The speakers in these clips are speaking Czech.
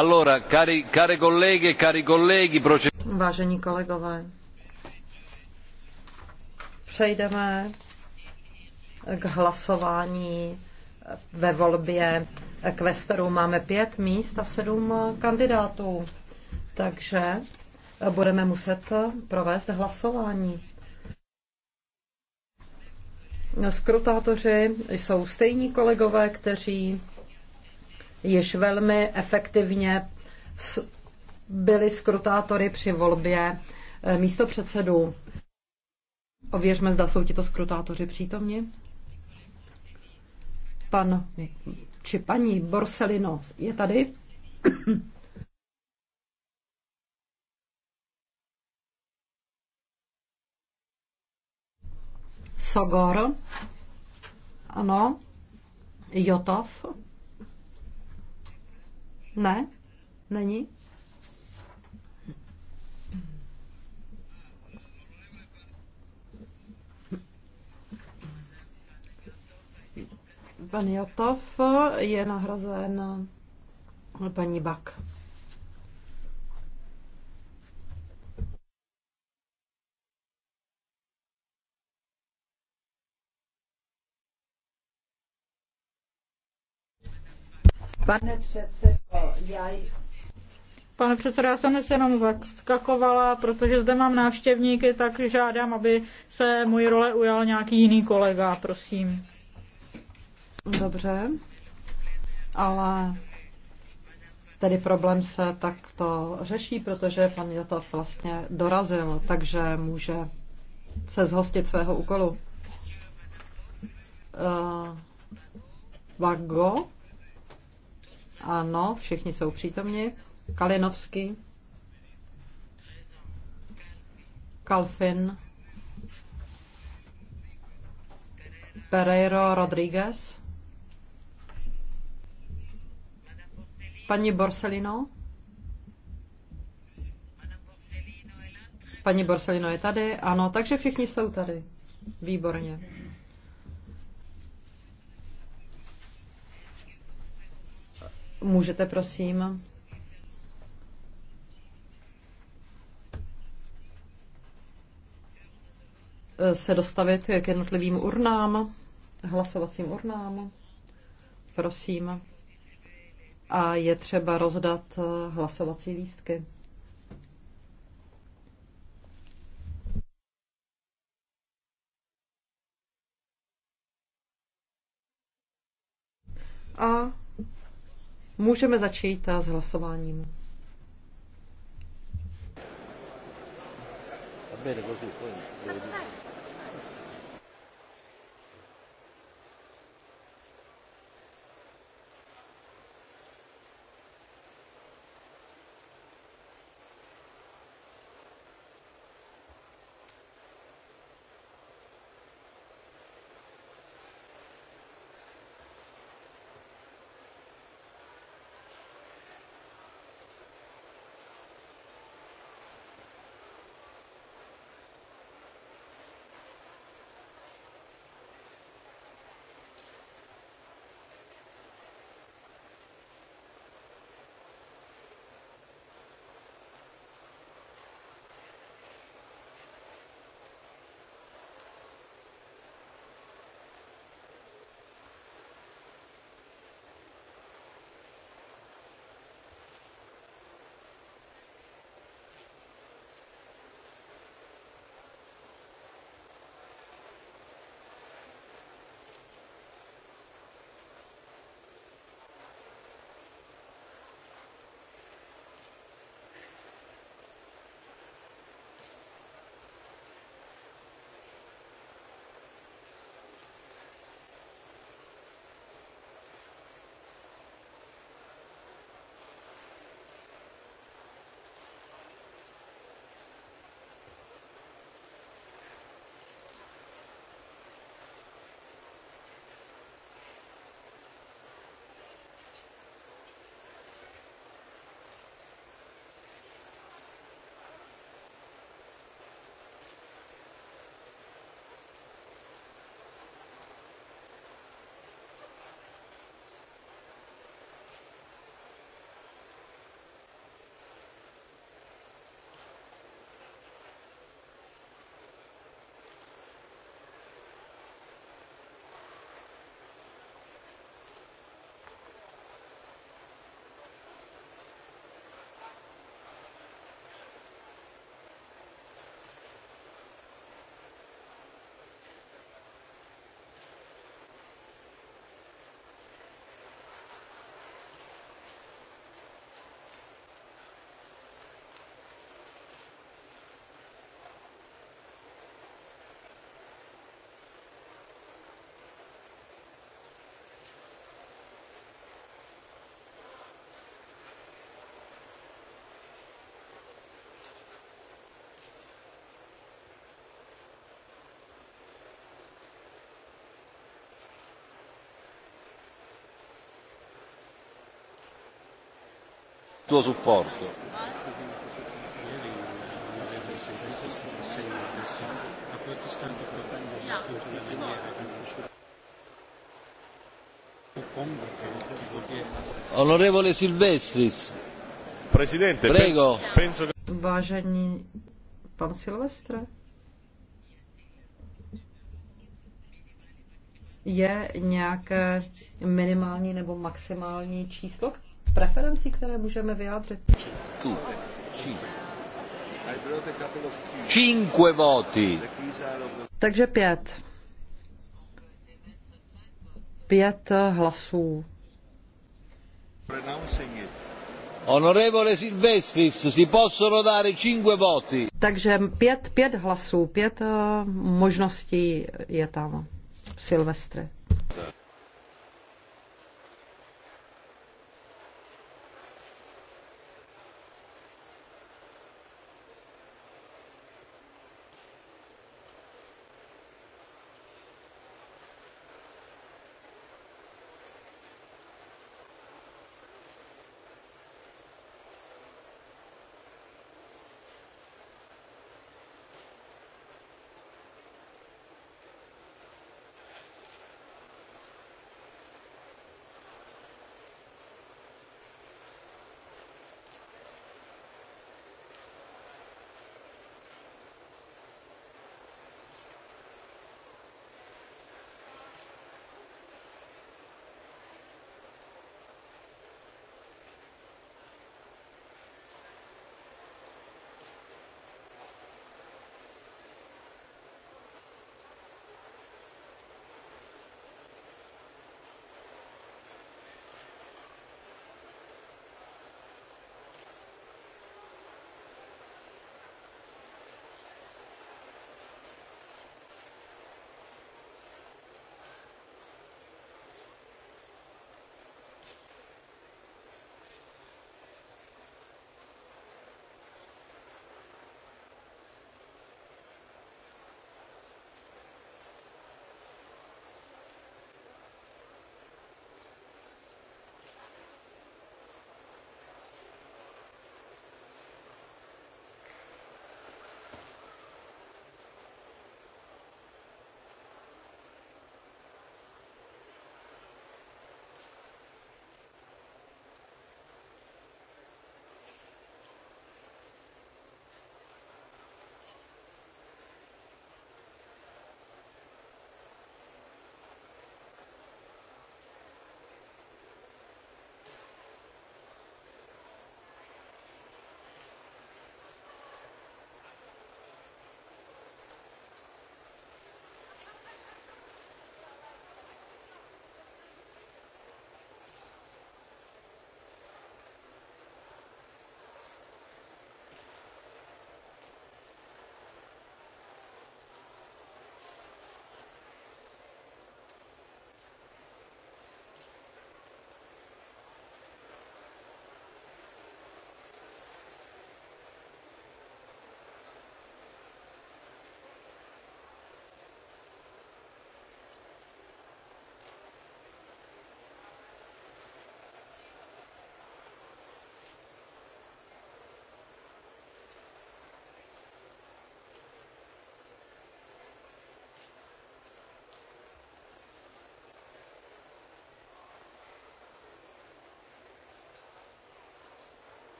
Allora, cari, care colleghe, cari colleghi, Vážení kolegové, přejdeme k hlasování ve volbě kvesterů. Máme pět míst a sedm kandidátů, takže budeme muset provést hlasování. Skrutátoři jsou stejní kolegové, kteří již velmi efektivně byli skrutátory při volbě eh, místo předsedů. Ověřme, zda jsou tito skrutátoři přítomni. Pan či paní Borselino je tady. Sogor. Ano. Jotov. Ne? Není? Pan Jatov je nahrazen paní Bak. Pane předsedo, Pane předsedo, já jsem se jenom zaskakovala, protože zde mám návštěvníky, tak žádám, aby se moji role ujal nějaký jiný kolega, prosím. Dobře, ale tedy problém se takto řeší, protože pan Jotov vlastně dorazil, takže může se zhostit svého úkolu. Uh, eh, Vago? Ano, všichni jsou přítomni. Kalinovský. Kalfin. Pereiro Rodriguez. Paní Borsellino. Paní Borsellino je tady, ano, takže všichni jsou tady. Výborně. Můžete prosím? se dostavit k jednotlivým urnám, hlasovacím urnám, prosím. A je třeba rozdat hlasovací lístky. A Můžeme začít eh, s hlasováním. Bene, così, poi tuo supporto. Onorevole Silvestris. Presidente, prego. Penso che... Vážení pan Silvestre. Je nějaké minimální nebo maximální číslo, preferencí, které můžeme vyjádřit. Cinque voti. Takže pět. Pět hlasů. Onorevole Silvestris, si possono dare cinque voti. Takže pět, pět hlasů, pět eh, možností je tam. Silvestre.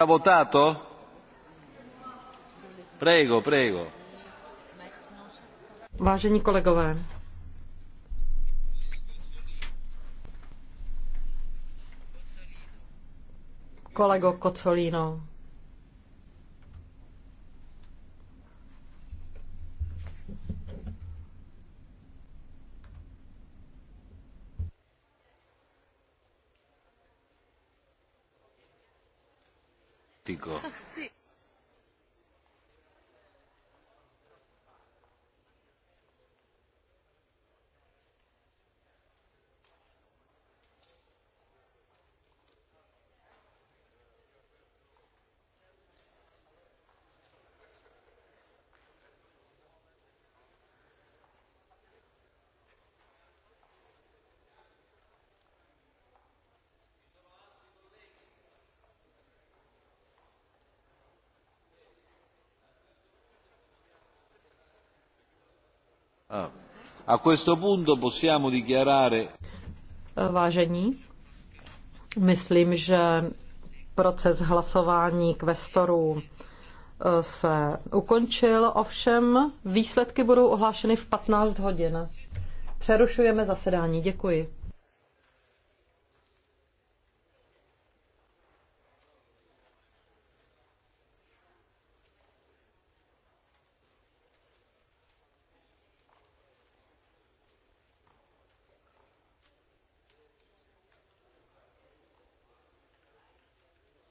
Ha votato? Prego, prego. Vážení kolegové, kolego Kocolino, Sí. A questo punto possiamo dichiarare... Vážení, myslím, že proces hlasování kvestorů eh, se ukončil, ovšem výsledky budou ohlášeny v 15 hodin. Přerušujeme zasedání. Děkuji.